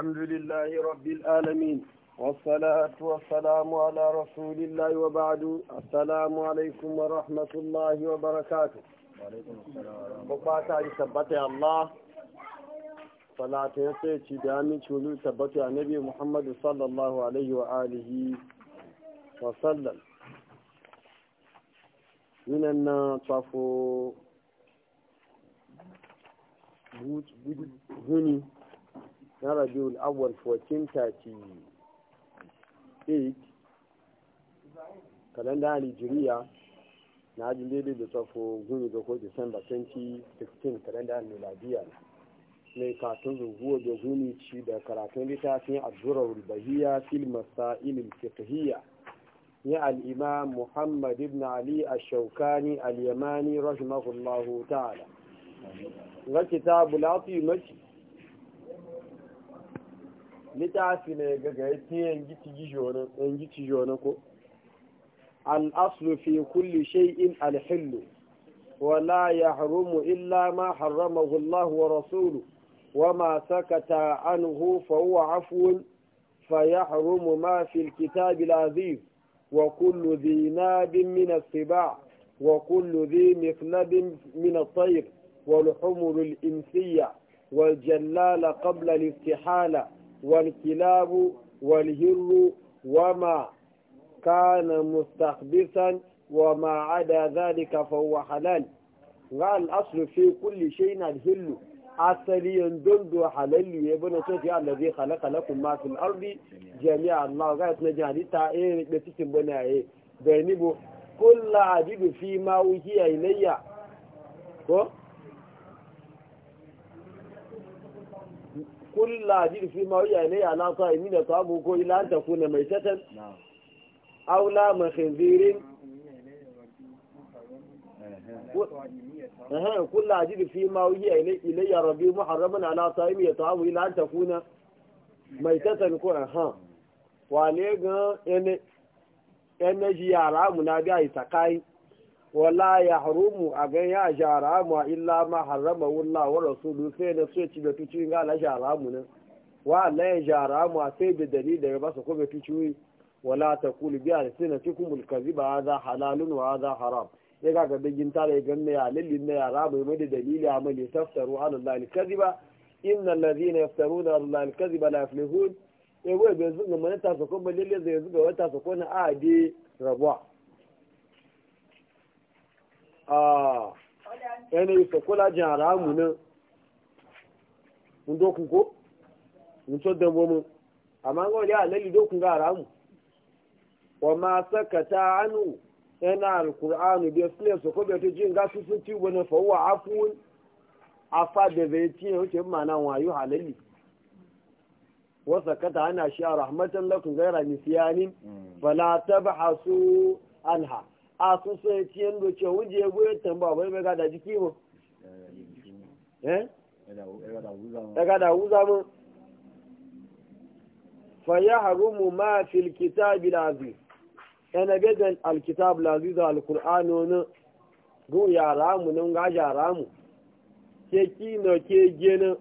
الحمد لله رب العالمين والصلاة والسلام على رسول الله وبعد السلام عليكم ورحمة الله وبركاته وعليكم ثبت الله صلاة يسيتي بأمين شلو ثبت النبي محمد صلى الله عليه وآله وسلم من أن هوني na rabiul awwal 1438 kalanda alijiriya na ajin daidai da tsafo guni ga ko december 2016 kalanda alijiriya mai katun zuwa da guni ci da karatun littafin azurar bahiya fil masailin fiqhiyya ya al'imam muhammad ibn ali ash-shawkani al-yamani rahimahullahu ta'ala ga kitabul afi mace littafi ne gaga ya tiye yanki jona ko al'aslu fi kulli shay'in alhillu wala ya harumu illa ma haramahu Allah wa rasulu wa ma sakata anhu fa huwa afwun fa yahrumu ma fi alkitab wa kullu dhi nabin min siba wa kullu dhi mina min at-tayr wal humur jallala qabla al-istihala والكلاب والهر وما كان مستخبثا وما عدا ذلك فهو حلال قال الأصل في كل شيء الهل asali don do halalli ya bane to ya allazi khalaqa kala ma fil ardi jami'a Allah ga tana jihadi ta eh da cikin banaye aye da ni bo kullu ajibu fi ma wuhiya ilayya ko kulla jir fi ma wuya ne ala ta imi da samu ko ila ta kuna mai tatan aula ma khinzirin kulla jir fi ma wuya ne ilayya rabbi muharraman ala ta imi da samu ila ta kuna mai tatan ko aha wale ga ene ene ji ya ramu na ga isakai wala ya harumu a gan ya jara mu a illa ma harama wula wa rasulu sai na so ci da tuci ga la mu nan wa la ya jara mu a sai da dari daga ba su ko bai tuci wala ta kuli biya da sai na taqulu bi alsinatikum a za halalun wa za haram ya ga ga bigin tare gan ne ya lalli na yara mai mai da dalili amali tafsiru ala allah alkaziba inna alladhina yaftaruna ala allah alkaziba la yaflihun ya wai bai zuga mana ta sako ba lalle zai zuga wata sako na a ade rabuwa Ah, ẹni ìsọ̀kọ́lá sokola àrá mú náà ń kó ń tó dẹ̀bọ̀ mú àmá ń gọ́ọ̀lẹ́ gá àrá mú wọ́n máa sẹ́kẹ̀tà ánú ẹna alkùránù bí ẹsílẹ̀ ìsọ̀kọ́ bí jí ń gá sísun tí wọn fọwọ́ afún afádẹ̀bẹ̀ tí ó ti mọ̀ náà wọn àyú àlẹ́lì wọ́n àṣẹ a sun so ya ci yadda wuje ya goye tamba bai bai gada jiki mu eh gada wuza mu fa ya mu ma fil kitabi lazi yana gadan alkitab lazi da alkur'ani ne go yara mu nan ga yara mu ke no ke gena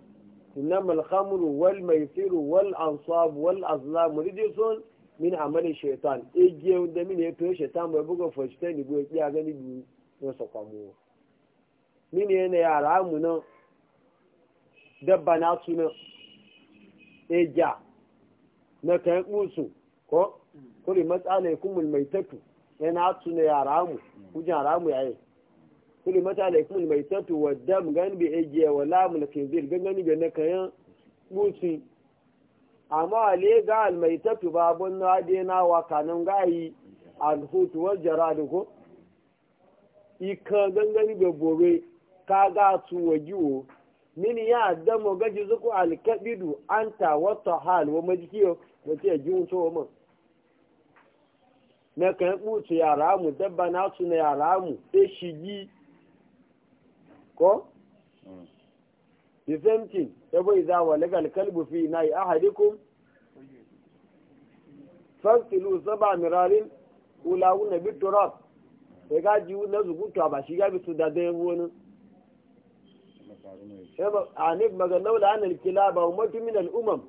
innamal khamru wal maisiru wal ansab wal azlam rijsun min amali shaitan egiye da min ya to shaitan bai buga fashita ni bai kiya gani bi na sakwamo min ya na yara mu nan dabba na su na egiya na kan musu ko kuri matsala ya e. kumul mai tatu na su na yara mu kujan yara mu yayi kuri matsala ya kumul mai tatu wa dam gan bi egiya wala lamul kinzir gan gani ga na kayan musu. amma ale ga tafi babun na dena wa kanun gayi alhutu wal jarad ko ikan gangan be bore ka ga su wajiwo min ya damo gaji zuku alkabidu anta wa tahal wa majkiyo wace jiun to ma na kan butu yara mu dabba na su na yara mu e shigi ko mm. the ya bai yabo wa lagal kalbu fi yi ahadikun fasilu zaba mirarin ula wuna bi turab sai ga ji na zugutu ba shi ga bi su da dai wani anif magana wala anal wa ummatu min al'umam umam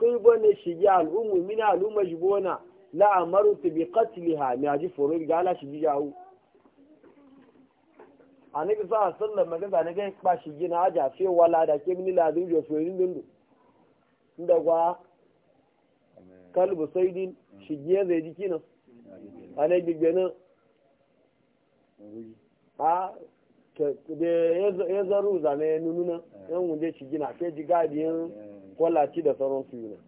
kai bane shi ya al'umu min al shi jibona la amarutu bi qatliha mi aji foro ga la shi bijawu annabi sa sallan magana ne ga ba shi gina aja fe wala da ke min la dun jo fe rin da kalbu saidin shigiyar zai jiki nan a na gbigbe nan a ya zaru zane ya nunu nan yan wunje shigi na ke ji gadiyan kwallaci da sauran su nan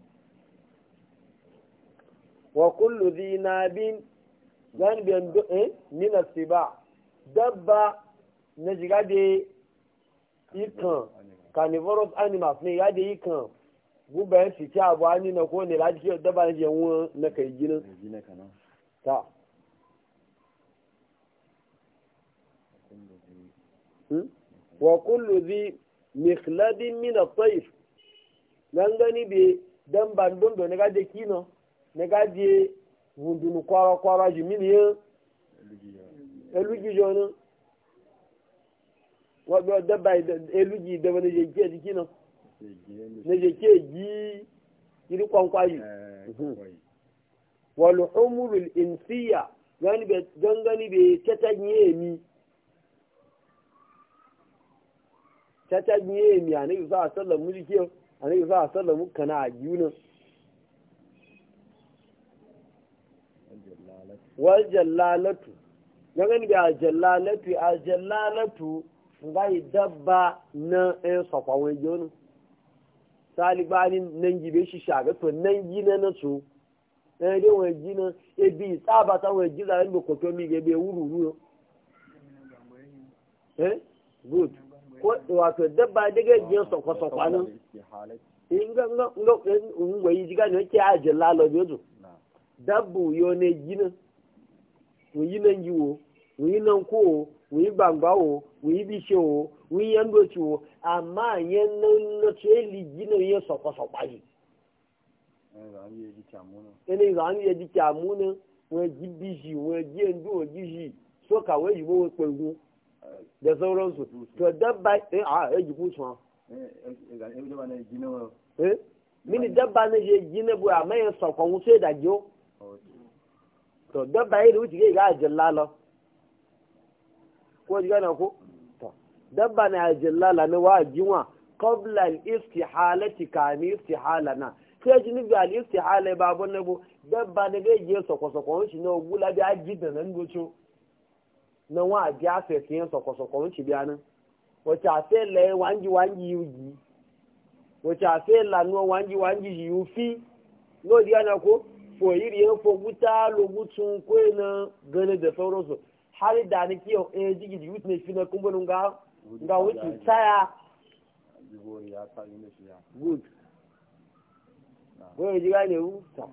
wa kullu bin zan biyan eh si ba dabba na ji da ikan carnivorous animals ne ya da ikan gubayen fice abu hannu na kone laji ke daba na jiyan na kai ginin ta wa kullu zi mikhladin min at-tayf nan gani be dan bandun do naga de kino naga de wundunu kwara kwara ji min ye eluji jono wa do dabbai eluji da wani je kino na jake gi iri kwankwayi wal humurul insiya gani be gangani be tatanye mi tatanye mi anabi sallallahu alaihi wasallam mulki anabi sallallahu alaihi wasallam kana ajuna wal jallalatu gangani be aljallalatu aljallalatu ngai dabba na en sokwa wejonu talibanin nan gibe shi shaga to nan gina na so ɗaya eh, dai wani gina ebi tsaba ta wani gina yin da kwakwai mi gebe wuru wuru eh good ko wato dabba daga jiyan sokwa-sokwa nan in e, ga nga e, jiga ne ke ajin ne gina nan yiwo nan kowo wuyi gbangba wo wuyi bishe wo wuyi yan wo amma yan nan na tsoye na yan sọkọsọkpa yi. ẹnì ìlànà yẹ di kyamu ni wọn ji bisi wọn e ji ẹndu wọn ji si soka wọn yi wọn pẹ wu dẹsẹ wọn a ẹ mini daba ne ye jinɛ bɔ a ma sɔkɔ ŋun so yɛ da jo tɔ daba yɛ la lɔ. ko ji gane ko dabba na jillala ne wa jiwa qabla al istihalati kami istihalana sai ji ni ga al istihala ba bon ne bo dabba ne ga je soko soko shi ne ogula bi aji da nan gocho na wa bi ase tin soko soko shi bi anan wace ase le wanji wanji yuji wace ase la no wanji wanji yufi no di ana ko fo yiri en fo guta lo gutun ko na gane da sauransu har da ni kiyo eh jigi ji wutne fi na kumbo nga nga wuti tsaya jigori ya ta yin shi ya good wai jiga ne wu ta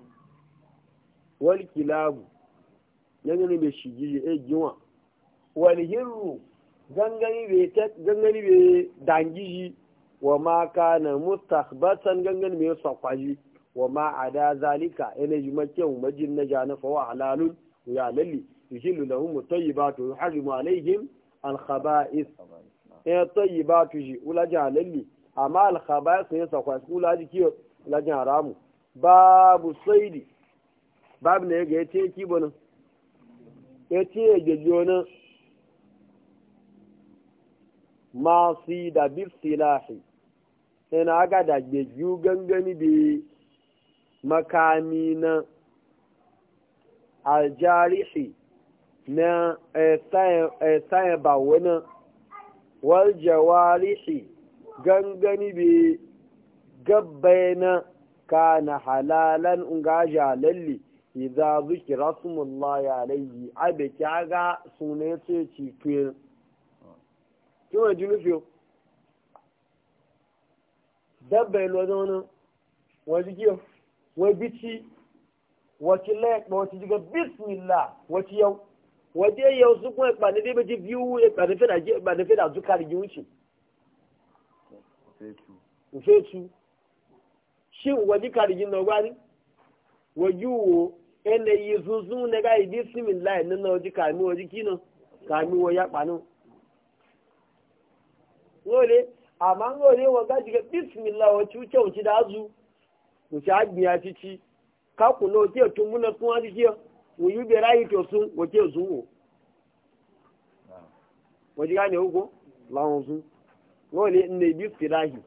wal kilabu yanzu ne be shi ji eh jiwa wal hirru gangani be ta gangani be ji wa ma kana mustahbatan gangani me kwaji wa ma ada zalika ene jumakken majin na jana fa wa halalun ya lalli yuhillu lahum at-tayyibatu wa yuharrimu alayhim al-khaba'ith ya tayyibatu ji ulaja halalli amma al-khaba'ith ne sa kwasu ulaji kiyo ulajin haramu babu saidi babu ne ga yace kibo nan yace gejjo nan ma si da bil silahi ina ga da gejju gangani bi makami na aljarihi na eh, eh, sayan ba wani wal jawarihi gangani bi ka kana halalan unga jalalli idza zikra smullahi alayhi abe kaga sunan ce ci tuye kiwa junufi dabbai lo don wani kiyo wani bici wace lek ba wace jiga bismillah wace yau waje yau su kuma ba ne dai baji biyu ba ne fina ba ne fina zuka da giwuci fetu shin waje karigin na gwani waje wo ene yi zuzun na ga idi simin lai nan na waje kami waje kino kami wa ya kpanu ngole amma ngole wa ga jiga bismillah wa cuce wuci da azu wuci agbiya cici kakuna oke tun muna kuma jikiya wuyu bai rayu to sun wo? zuwo waje gane huko lawon su wani ne bi filahi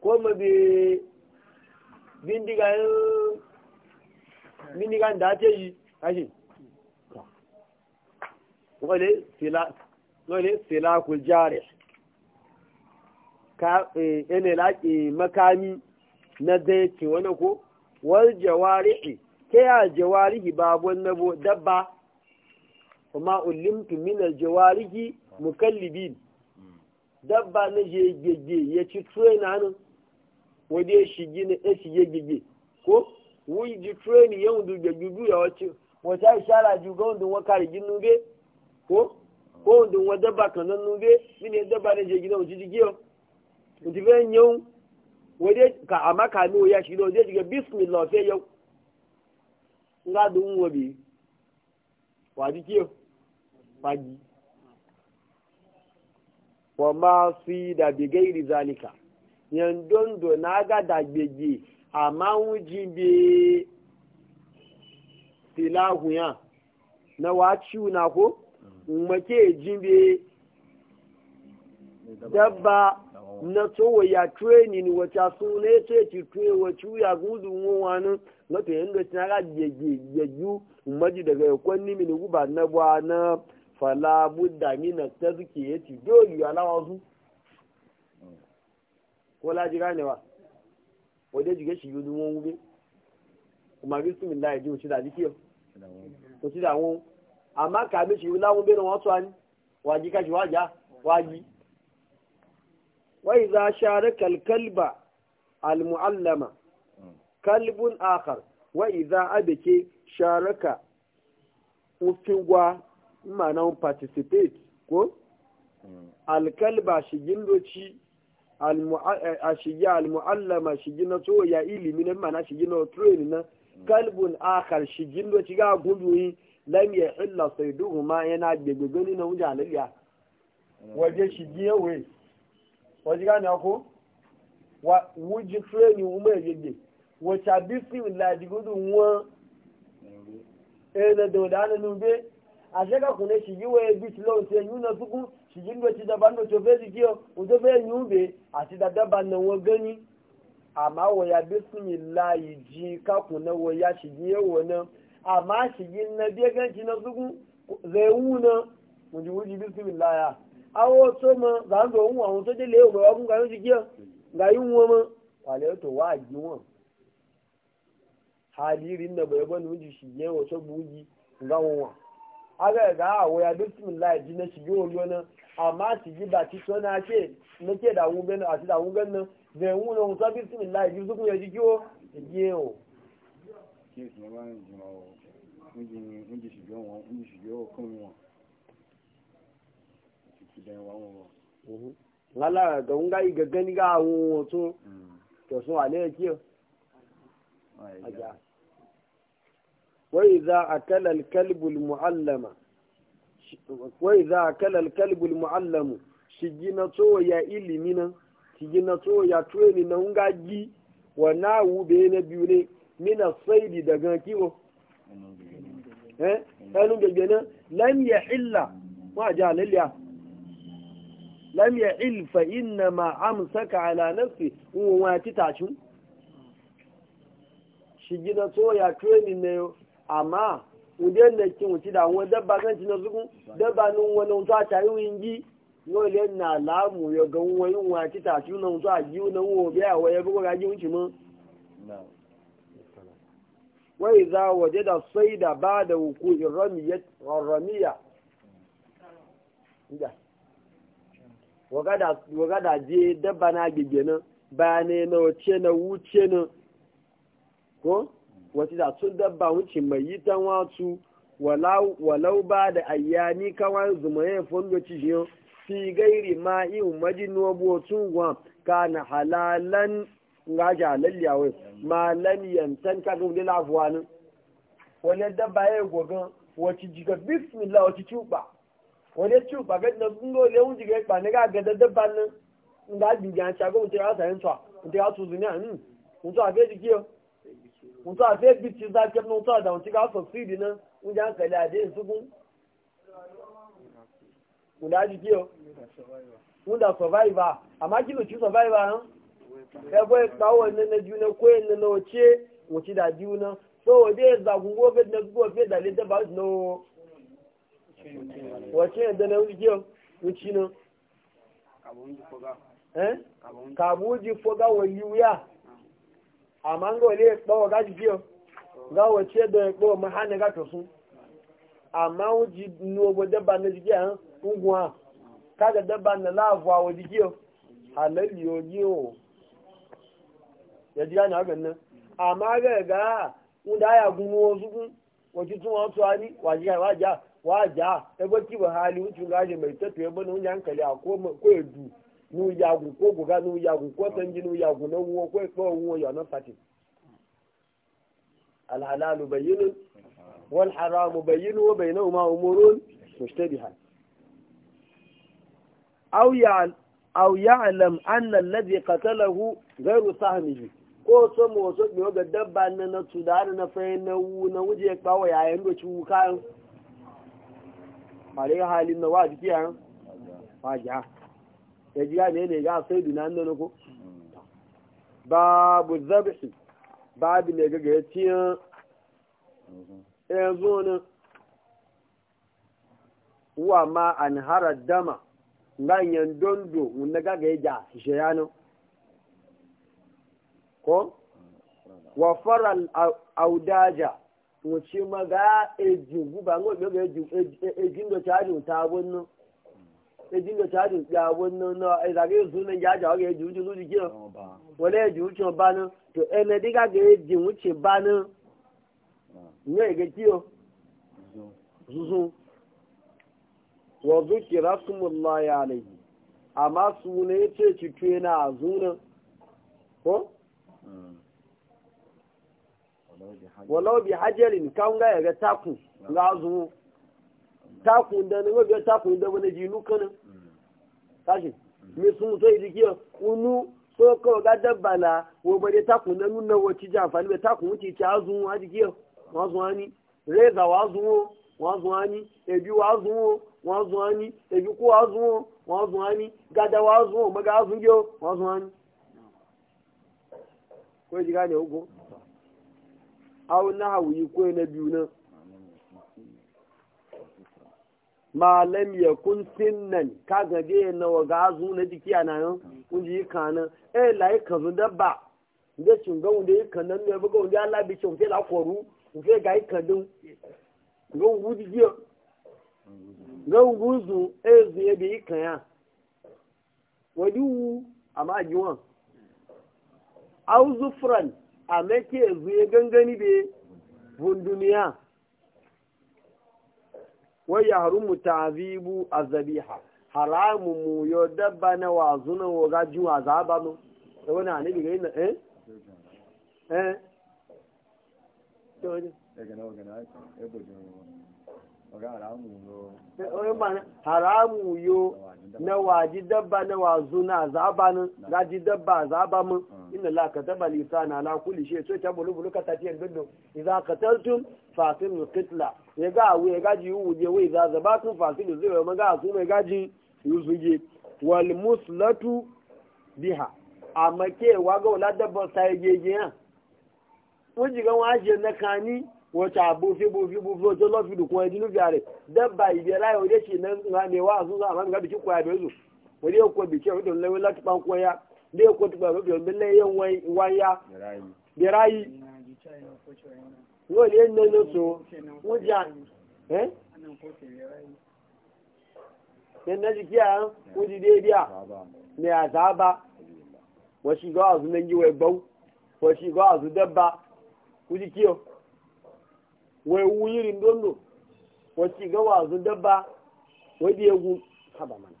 ko ma bi bindigayen bindigan da ake yi kashi sila fila ne sila ku jare ka eh, ene laƙi makami na zai ki wani ko wal jawari'i ke ya jawarihi babon nabo dabba kuma ulimtu min aljawarihi mukallibin dabba na je gege ya ci train ya shigi na ya shige gege ko wuyi ji train yau da gege ya wace wata ishara ju ga wanda waka rigin nube ko ko wanda wa dabba kan nan nube min ya dabba na je gina wuce jige yau bayan yau amaka ya shiga bismillah sai nga dun wabi wadi kiyo wadi wa ma fi da bi gairi zalika yan do na ga da gbeje amma wuji bi silahu ya na waci na ko make mm. jin bi dabba na tso tsowa ya training wata suna ya ce ci tuye wa cuya gudu nwowa nan na to yadda ci naga yayyu maji daga yakon ni ne guba na buwa na fala budda mina ta zuke ya ci dole ya lawa su ko laji ganewa wadda jiga shi yi duwon wube kuma bi su min laye ji wuce da jikiyar wuce da wọn amma kame shi yi lawon benin wasu wani waji kashi waja waji wai za share kalkalba almu'allama kalbun akhar wai za abike sharaka ufingwa ma'ana participate ko alkalba shigin doci a shiga almu'allama shigin na tsoho ya ilimi na ma'ana shigin na train na kalbun akhar shigin doci ga guduyi lam ya illa duhu ma yana gbegbe gani na wujen alaliya waje shigin yawai wọ́n ti ká ní ọkọ́ wọ́n jí fúrẹ́ẹ̀nì ọmọ èyege wọ́n tàbí fíìmù làdìgúdù wọn ẹ̀rọ dòdà nínú gbé àṣẹ́kọ̀kùnrin ṣìyí wọ ẹbí tí lọ́wọ́ ti ẹ̀yìn náà túkú ṣìyí ń gbèsè dàbá ní oṣù fẹ́ẹ́ kí ọ oṣù fẹ́ẹ́ yún bè àti dàdàbà náà wọ́n gán ní àmọ́ wọ̀ya bí fúnmi láàyè jí kákùn náà wọ̀ya awo to mo za ndo ohun àwọn tó délé òwe ọkùn kan ló ti jẹ́ nga wọn mọ́ wàlẹ́ tó wá àjí wọn hali rí nà bẹ̀rẹ̀ bọ́ni sì yẹ wọ́n sọ́gbù yí nga wọn wọn. aga ga awo ya bisim lai ji na shi yi oluwa na amma shi ji ba ti na ke da wun a zai wun na wuta bisim lai ji ya wọn. Wai ga nga yi gagani ga awon to ale wa akala al al muallama wa akala al al muallamu shigina to ya ilimi nan shigina to ya tuwe na nga gi wa na wu be biyu ne mina saidi daga kiwo eh lam yahilla ma ja lilya lam ya ilfa inna ma amsaka ala nafsi in wa ti tashu shi gina so ya treni ne amma uje ne kin wuci da wani dabba kan ci na zugun dabba nun wani wuta a tare wingi yau le na lamu ya ga wani wa ti tashu na wuta a giyu na wo biya wa ya buga gi wuci mun wa idza wajada sayda ba'da wuku'i ramiyat ramiya Yeah. waga da je dabba na gige nan bayane na wace na wuce nan ko wace da sun dabba wuce mai yi tan wasu walau ba da ayyani kawai zumaye fondo cijiyon fi gairi ma yi in majinu tun gwan ka na halalan ngaji a wai ma lan yantan ka gudu lafuwa nan wani dabba ya yi gogon wace jiga bismillah wace cuba wani ci ba ga na sun le unji ga ba ne ga ga da dabban nan in ga ga cha go mutai asa yantwa mutai asu zuniya hmm mutai abe dikiyo mutai abe bici za ke no ta da mutai ga so sidi nan un ja ka da de su gun mun da dikiyo mun da survivor amma kilo ci survivor han ẹgbẹ́ ìpawọ̀ nínú ju ní kó ẹni náà ṣe wọ́n ti dàjú náà so òde ìzàgùn wọ́n fẹ́ dẹ́gbẹ́ fẹ́ dàlẹ́ dẹ́bà náà wace na wuce eh? kabuji foga wa amma wale ga wace da ga amma wuji nuwa na jiki a unguwa kaga dabba na lafuwa wa jiki halal yogi o ya ji gani hakan nan amma ga ga wanda ya gunwo su kun wace wasu ani wajiya waja ebe ki ba hali gaje mai tafiye mana wuce hankali a ko ya du nu yagu ko guga nu yagu ko sanji nu yagu na wuwa ko ya kawai wuwa ya na fati Al-Halal alhalalu bayyinun wal haramu bayyinu wa bayyinu ma umurun mushtabihan aw ya aw ya'lam anna alladhi qatalahu ghayru sahmihi ko so mo so mi ga dabba na na tudar na fa na wu na wuje kawai yayin do ci kayan mare halin na waji kiya waji ha ya ji ne ne ga sai duna nan ko babu zabhi babu na ga ga tiya eh zo wa ma an hara dama ganyen dondo wanda ga ga ja shi yano ko wa faral audaja mo ci ma gaa eji guba ngo ga eji eji ndo chaju ta wonno eji ndo chaju ya wonno no e da ga eji ju lu ji jo wole eji u chon to ga eji walau bi hajarin kan ga yaga taku ga zu taku da ne ga taku da wani jinu kan tashi me sun so yi kiyo unu so ko ga dabba na wo bare taku na nuna wace ji amfani be taku wuce ci azu wa ji kiyo wa zu ani reza wa zu wa zu ani ebi wa zu wa zu ani ebi ko wa zu wa zu ani gada wa zu maga azu yo wa zu ani ko ji gane ugo aw nahwi ko na biyu na malam ya kun sinnan ka gaje na wa zu na jiki ana nan kun ji kana eh lai ka zu dabba da shunga wanda yi kan nan ne buga wanda Allah bi shun sai la koru sai ga ka din ga wudi ji ga wuzu eh zu e, ya bi kan ya wadu amma jiwan auzufran a yanzu ya gangani be duniya wai ya haru mu ta'azibu azabiha haramu mu yo dabba na wazuna wa gaju wa zaba mu da wani anabi ga ina eh eh to ne daga nawa ga na ai Eh, haramu yo na waji dabba na wazu na zabanin gaji dabba zabamin hmm. inna la kataba lisana ala kulli shay so ta bulu bulu kata tiyan dudu idza qataltum fatin qitla ya ga awu ga ji wu je we za zabatun fatin zai ma ga su mai gaji yuzuje wal muslatu biha a ke wa ga wala dabba sai je je wuji ga wa je na kani wacce abu fi bu fi bu fi wajen lafi da kuma jinu biyare dan ba ibe layi wajen shi nan na ne wa sun zama ga ko bikin ne yau wani lai yan waya birayi yau ne nan so wajen eh na jiki a wajen daidai a ne a wasu ga a bau wasu dabba wai wuyirin dondo wacce ga wazu dabba wai da yagu saba mana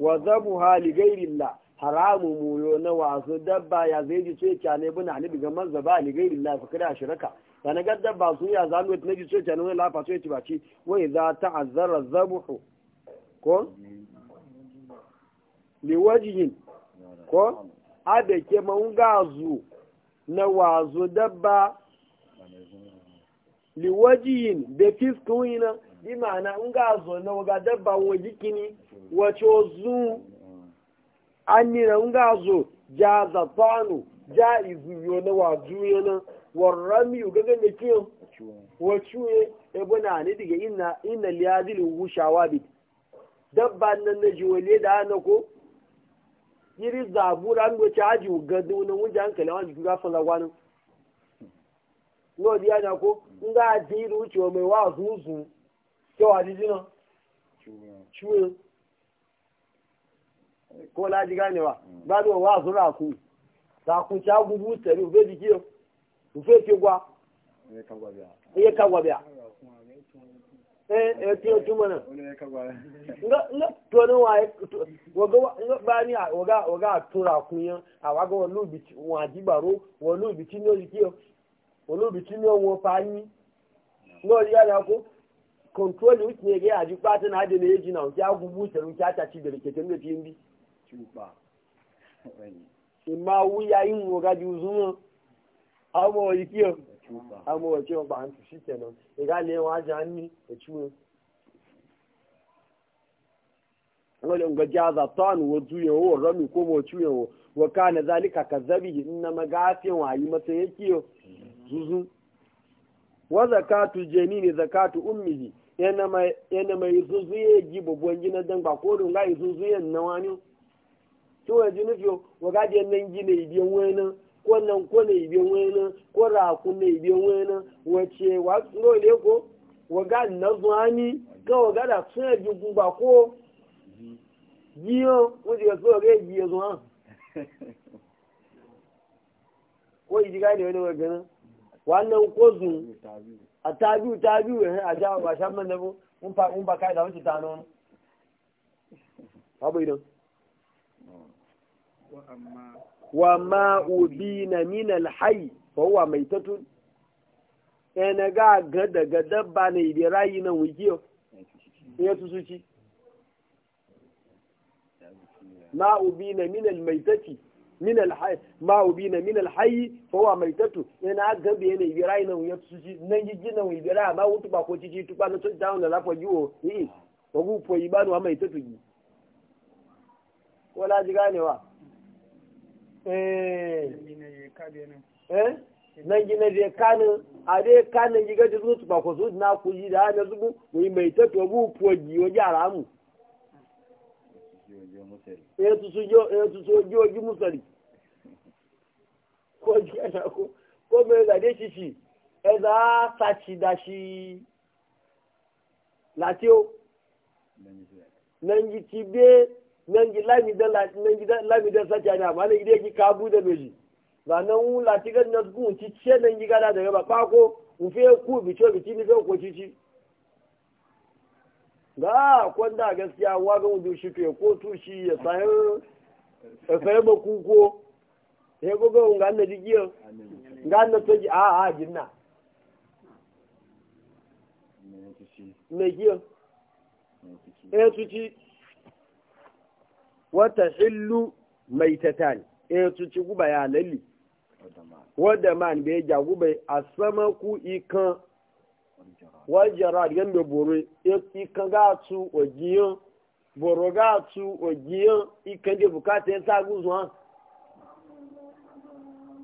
wa zabu hali gairi la haramu muyo na wasu dabba ya zai ji ce kyane buna halibi ga manzaba hali gairi la fakira kira shiraka da na gadda ba su ya zanu na ji ce kyane wani lafa so ya ci wai za ta azzara zabuhu ko liwajihin ko abe ke ma'un gazu na wazo dabba liwajiyin da fiskun bi ma'ana in ga zo na waga dabba wa kini wace zu an nina in ga zo ja zafanu ja yo na waju yana warrami gaga da kiyan wacuye ebuna ne daga ina liyadil wushawa bi dabba nan na jiwale da ana ko yiri zabura ngo aji ugadu no wunja hankali wani juga fala wani no dia na nga anya cho me wa zuzu to adiji no wa ba wa zura aku ta aku cha ufe gwa iye kagwa bia iye eh eh tiyo tuma nan nga to nan wa waga nga bani waga waga tura kunya a waga wallu ti wa dibaro wallu ti no likiyo wallu bici no wo fani ya da ko na de ne na o ja gugu taru ta ta ci da riketen da tin bi ci ba imma àmọ́ òyì kí o àmọ́ òyì kí o pa àǹtí sí tẹ̀nà ìgbàlẹ̀ wọn ajá ní ẹ̀tú wọn. wani ungaja za ta ni wa juyan wa rami ko wa juyan wa wa kana zalika kazabi in wa yi yake zuzu wa zakatu janini zakatu ummihi yana yana zuzu ya ji babban gina dan ba ko dun ga zuzu wani to ya ji nufi wa ga nan wani wannan nan ko na ibe wena ko ra ku na ibe wena wace wa no le ko wa ga nan zuani ga wa ga da tun ju gun ba ko yiyo ko diga so ga yiyo zuwa ko yi diga ne wani wa wannan ko zu a tabiu tabiu eh a ja ba shan man da bu mun fa mun ba kai da wuce ta nono babu idan wa amma wa ma'ubina min alhai fa huwa maitatun ene ga ga daga dabba ne da rayi nan wikiyo ya tusuci ma'ubina min almaitati min alhai ma'ubina min alhai fa huwa maitatu ina ga be ne da rayi nan ya ci? nan gigi nan wi da ba wutu ba ko ci tuba na tun down da lafa jiwo eh ko gu po ibanu ma tatu gi wala ji ganewa eh nan eh? eh? Na je kanin a dai kanin giga ji zuwa ba ku na ku ji da hana zubu mai wa eh, su so ji oji musari ko ji ana ko ko shi shi e za sa da shi ji nan gi lami da nan gi lami da sacha na ma ne ki kabu da beji ba nan u la ga na gun ti che nan gi gada da ba pako u fe ku bi cho bi ti ni ko ci ci ga da gaskiya wa ga mu shi to ko tu shi ya sai sai ba ku ko ya go go ngan na digiyo ngan na to ji a a jinna me giyo e tu ci wata hillu mai tatani e eh, su ci guba ya lalli wadda man bai ja guba a sama ku ikan wajara gan da boro e ikan ga su ogiyan boro ga su ogiyan ikan da bukata ya sa zuwa.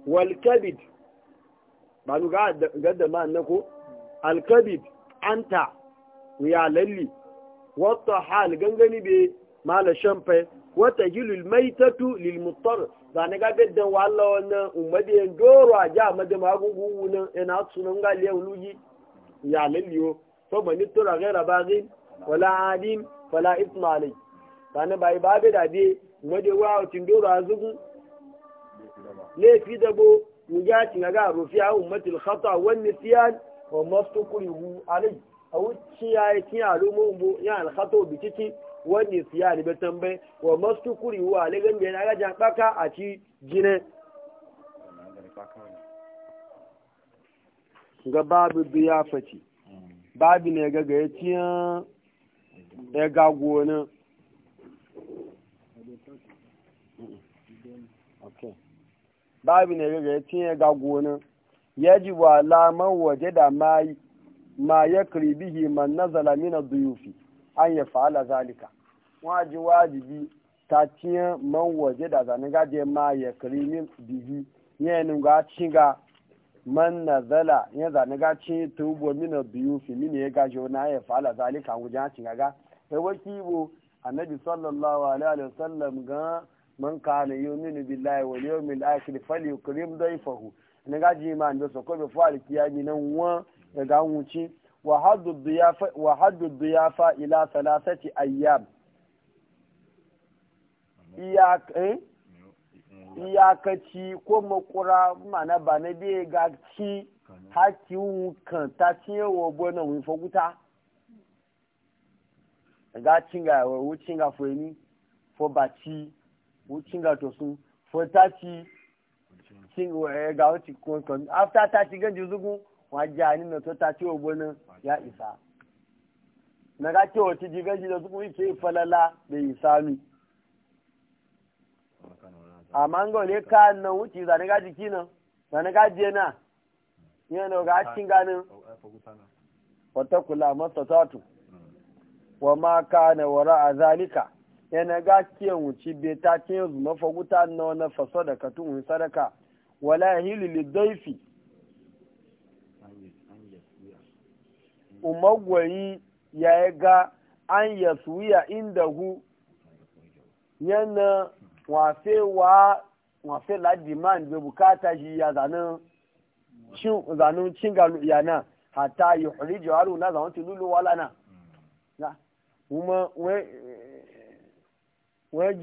walkabid ba nu ga da man na ko alkabid anta ya lalli wata hal gangani bai mala fai. wata jilul maitatu lil muttar ba na ga gaddan walla wannan ummadi en doro a ja madan magungu nan ina sunan ga lewu luji ya lalliyo fa man tura ba zai wala adin wala ithma alai ba na bai babe da be ummadi wa tin doro azugu ne fi dabo wuja tin ga a ummatil khata wan nisyan wa mastukrihu alai awu a kin alumu bu ya al khata bi titi wani siya ni betan bai wa masu kuri wa legan da ya jan baka a ci jine ga babu biya faci babu ne ga ga ya ciya ya ga gona babu ne ga ga ya ciya ya ga gona yajibu alaman waje da ma ya kribihi man nazala mina duyufi an ya fa'ala zalika wọ́n ji wajibi ta tiyan man waje da zanen gaje ma ya kirimin bihi yanin ga cinga man zala ya zanen ga cin tubo mina biyu fili ne ya gaje wani ya fala zalika wajen cinga ga sai e waki bo annabi sallallahu alaihi wasallam ga man kana yuminu billahi wal yawmil krim falyukrim dayfahu ne gaje ma ndo so ko be fo alkiyami nan wa e ga wuci wa haddu diyafa wa haddu diyafa ila thalathati ayyam Eh? Mm. iyakaci ko makura mana ba na biya ga ci haki kan ta ciye wa gona wun faguta ga cinga wucin ga fueni fo ba ci wucin ga to sun fo ta ci taci eh, ga wuci kwankwan after taci ganji zugun wajani na to ta taci wa gona ya isa na ga cewa ci ji ganji da zugun yake falala da isa ni amma ga wale ka nan wuce zane ga jiki nan zane ga jiye na yana ga cikin ganin wata kula masa tatu wa ma ka na wara a zalika yana ga kiyan wuce bai ta ce yanzu mafaguta na wani faso da katun wani sadaka wala hili lidaifi umagwayi ya ga an yasuya inda hu yana wọ́n fẹ́ wá wọ́n fẹ́ la demand bẹ bukata yìí ya zanen cin zanen cin galu yana hata yi hori jawaru na ti lulu wala na kuma wọ́n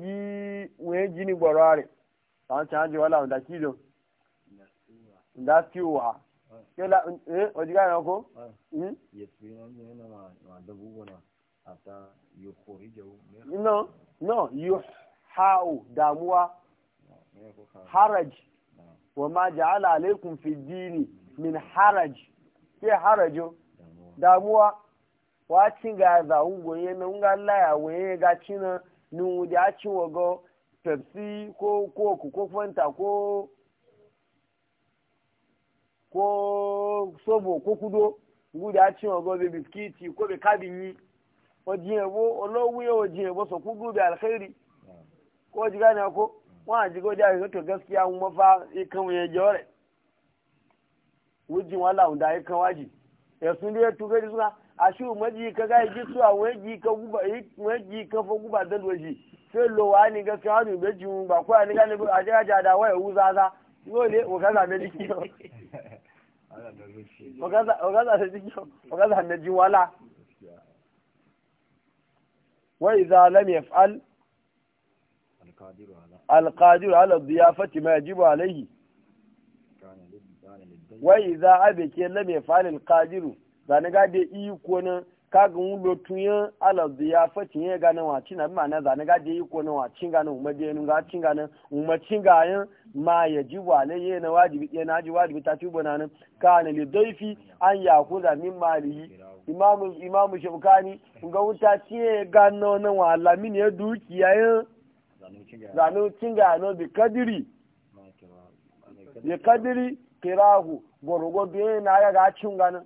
jí ní gbọ̀rọ̀ rẹ̀ àwọn tí wọ́n jí wọ́n làwọn dà kí lọ dá sí wà yóò la ẹ ọdí káyọ̀ kó. yẹtù yẹn ní ẹnà àdàbò wọn àtà yòókù ìjẹun. no no yòókù. ha'u damuwa haraj wa ma ja'ala alaikum fi dini min haraj ke harajo damuwa wa ci ga za ungo ye na unga laya we ga ci na ni u da ci wo go pepsi ko coke ko fanta ko ko sobo ko kudo ngu da ci wo go be biskiti ko be kabinyi o jin ewo olowo ye o jin ewo so ku gube alkhairi ko ji gane ko wa ji go da to gaskiya mun mafa ikan e ya jore wujin wala unda ikan waji ya sun da to gari suka a shi maji ka ga ji suwa waji ka guba waji e, ka fa guba dal waji sai lo wa ni gaskiya ni be ji ba ko ni gane a ja ja da waya uza za dole o kaza me diki o kaza o kaza da diki o kaza na ji wala wa idza lam yaf'al alƙadiru ala ziyafati ma yajibu alaihi wa idza abike lam yafal alqadiru zani ga de iko ne kaga un lo tuye ala ziyafati ye ga wacin na ma na zani ga de iko ne wacin ga nan ga cin ga nan umacin ga yan ma alaihi na wajibi na ji wajibi ta na nan an min malihi imamu imamu shafkani ga wuta ce ga na wa lamin ya dukiya yin zanu cinga no bi kadiri bi kadiri kirahu gorogo bi na ya ga cinga na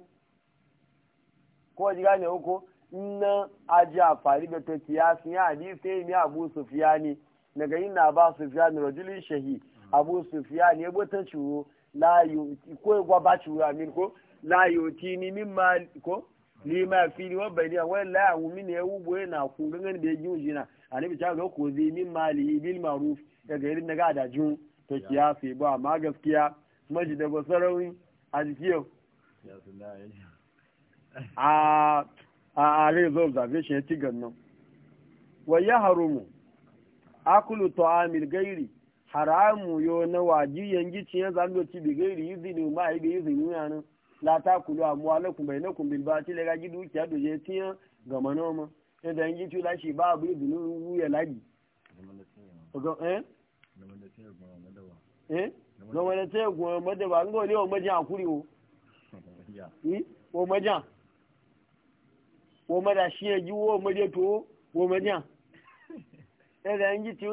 ko ji gane uku na aji afari da ta kiyasi ya hadisi ne abu sufiyani daga yin na ba sufiyani rajulin shahi abu sufiyani ya bata ciwo la yi ko gwa ba ciwo amin ko la yi ni min ma ko lima fili wa bayni wa la hu min yawu boye na ku gangan da yaji ujina bi ta ga ko zai min mali bil ma'ruf daga irin daga da ju to kiyasi ba ma gaskiya maji da basarawi a jikiyo a a rezo observation ti gannan wa ya harumu akulu ta'amil gairi haramu yo na wajiyan yangi ya zan do ci bi gairi izini ma ai bi izini yana la ta kulu amwalakum bainakum bil batil je tiya ga manoma shi ba abu ibnu wuya laji ogo eh eh no te mada ngo le o maja akuri o yi o maja o mada shi ji wo maje to maja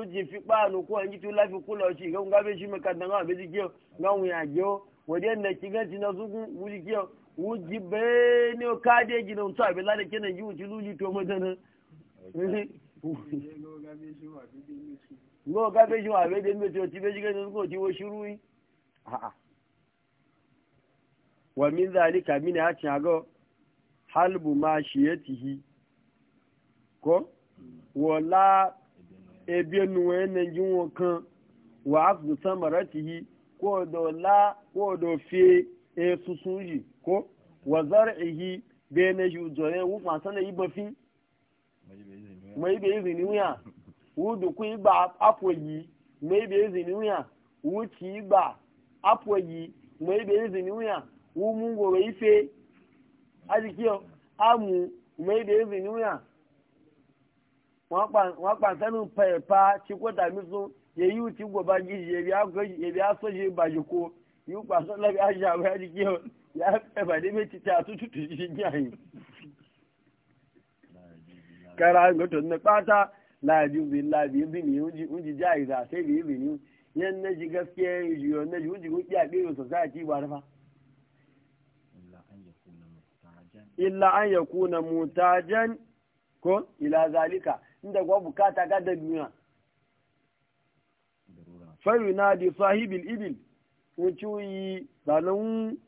ji fi pa nu ko tu la fi shi ga ngabe shi me kan be ji ge ya wajen da ki ganci na zugu wuli kiyo wuji bene o kade gina unto ji luji to madana ngo ga be ju abi de mi to ti be ngo wo a a wa min zalika min ya ci ago halbu ma shiyatihi ko wala ebienu wen kan wa afdu samaratihi ko la ko do fi e susun yi ko wa ehi be na ju zore wu ma sana yi ba fi mai be izini wuya wu du ku igba apo yi mai be izini wuya wu ci igba apo yi mai be izini wuya wu mun go ife ajikiyo amu mai be izini wuya wa pa wa pa sanu pa pa chi sun ya yi wuti ba gizi ya biya go so ba je ko yu ba labi a biya ja ba di ke ya ta ba de meti su tu shi ji jai kara go to na pata na ji bi la bi bi ni uji uji jai da sai bi bi ni yan na ji gaskiya yi yo na ji uji ko ya be society ba da fa illa an yakuna mutajan ko ila zalika inda gwa bukata ga da duniya farina da sahibil ibil wuce yi zanen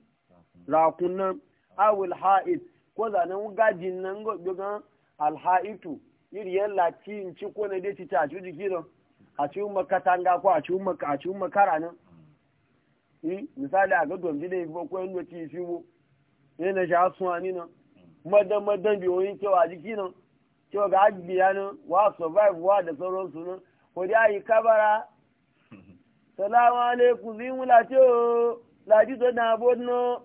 rakunan awul ha'id ko zanen gajin nan gogan alha'itu iriyan latin ci ko na dai ci ta ci jiki don a ci makatanga ko a ci a makara nan misali a ga domji da ko ko ndo ci fi wo ne na ja suwa ni nan madan madan bi oyin cewa jiki nan cewa ga agbiya nan wa survive wa da sauransu nan ko dai ayi kabara salamu alaikum zai mula ce o laji to na abu no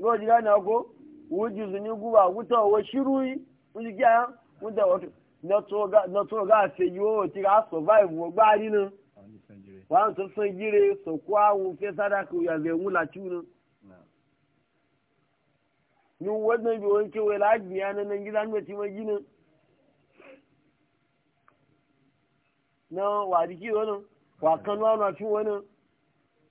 yau ji gane ko wuji zuni guba wuta wa shiru yi wuji gya wuta wato na to ga se yi o ti ga survive wo gba ninu wọn tó fún jíre sọkó àwọn fẹ sádàkù yàgbẹ ń wúlà tù nù. ní wọ́n tó ń bi wọn kéwé láàgbé yẹn nínú jíra ń bẹ̀tí wọn jí nù. náà wà á di kí wọn nù. wa kan wa ci wani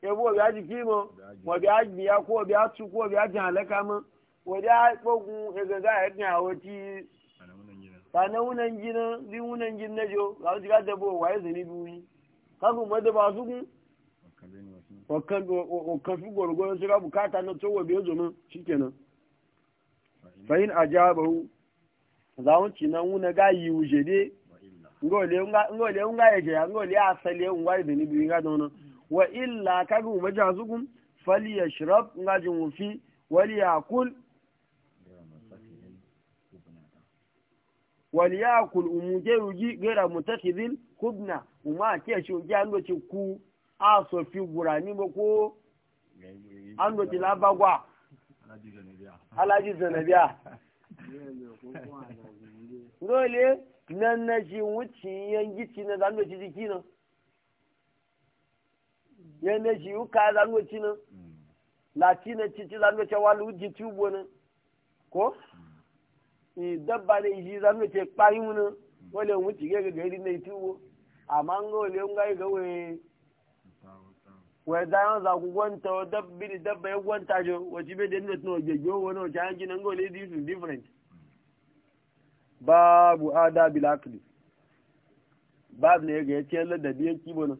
ebo bi aji kimo wa bi aji ya ko bi atu ko bi aji halaka mu wa da bogun egaga ya ga wati sana wunan gina bi wunan gin na jo ga ji ga dabo wa ya zani duyi kaku ma da ba su kun wa kan wa kan fi gorgoro sai ga bukata na to wa bi zo mun shikenan fa in ajabahu zawunci nan wuna ga yi wuje dai ngole nga ya jaya ngole asali ngwa ibini bi ga dono wa illa kaga umajazukum falyashrab ngajin wufi waliyakul waliyakul umuje uji gera mutakhidhin kubna uma ke shi uji ando ci ku aso fi gurani bo ko ando ci labagwa alaji zanabiya ngole nan na shi wuce yangici na zanuwa ci jiki nan yan na shi uka zanuwa ci nan ci ci zanuwa ci tubo nan ko hmm. eh, dabba na shi ci kpayi mu nan wale wuce ga gari na tubo amma an ga wale ga wai wai da yan za ku gwanta dabbi dabba ya gwanta jo wace bai da tuno wani wace ga wale different babu adabil akli babu ne ga yace ladabi yanki nan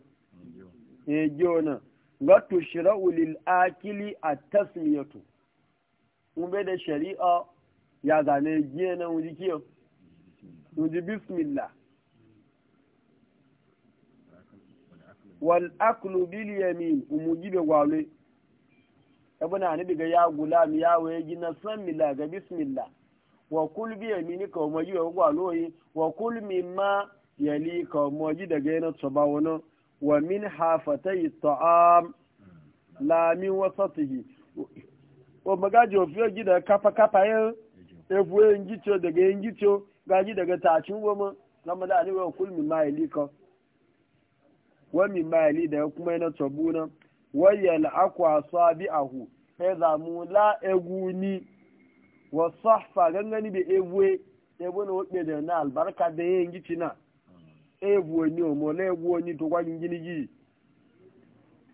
eh jona to shira'u lil akili at-tasmiyatu mun bai da shari'a ya zane giye nan wuji kiyo wuji bismillah wal aklu bil yamin umuji be gwale abuna ne daga ya gulam ya waye gina san mila ga bismillah wakul bi yamini ka omo yiwa wa loyi mi ma yali ka omo daga yana tsoba wani wa min hafatai ta'am la min wasatihi o magaji ofiyo ji daga kafa kafa yin efu yin gicho daga yin gicho gaji daga goma yali wa yali daga kuma yana tsobuna wa wasahfa gangani be ebue ebo na wobe da na albarka da yin gici na ebu ni omo na ebu ni to kwa ngini gi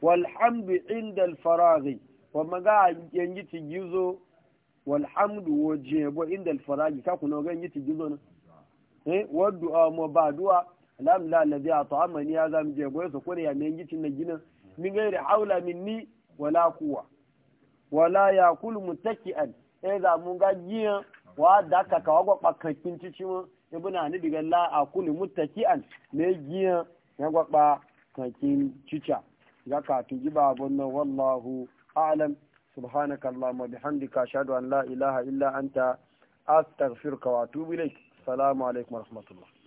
walhamdu inda alfaraghi wa maga yin ti gizo walhamdu waje bo inda alfaraghi ka kuna ga yangi ti gizo na eh wadu mo ba du'a alhamdulillah alladhi at'amani ya zama je bo so ko ya yangi ti na gina min gairi haula min ni wala quwwa wala ya yakulu muttaki'an sai za mu ga jiyan wa da ka kawo gwa bakankin cici mu na ni diga la akulu muttaki'an ne jiyan ya gwa bakankin cica ga ka tuji babun nan wallahu a'lam subhanaka allahumma bihamdika ashhadu an la ilaha illa anta astaghfiruka wa atubu ilaik assalamu alaikum wa rahmatullah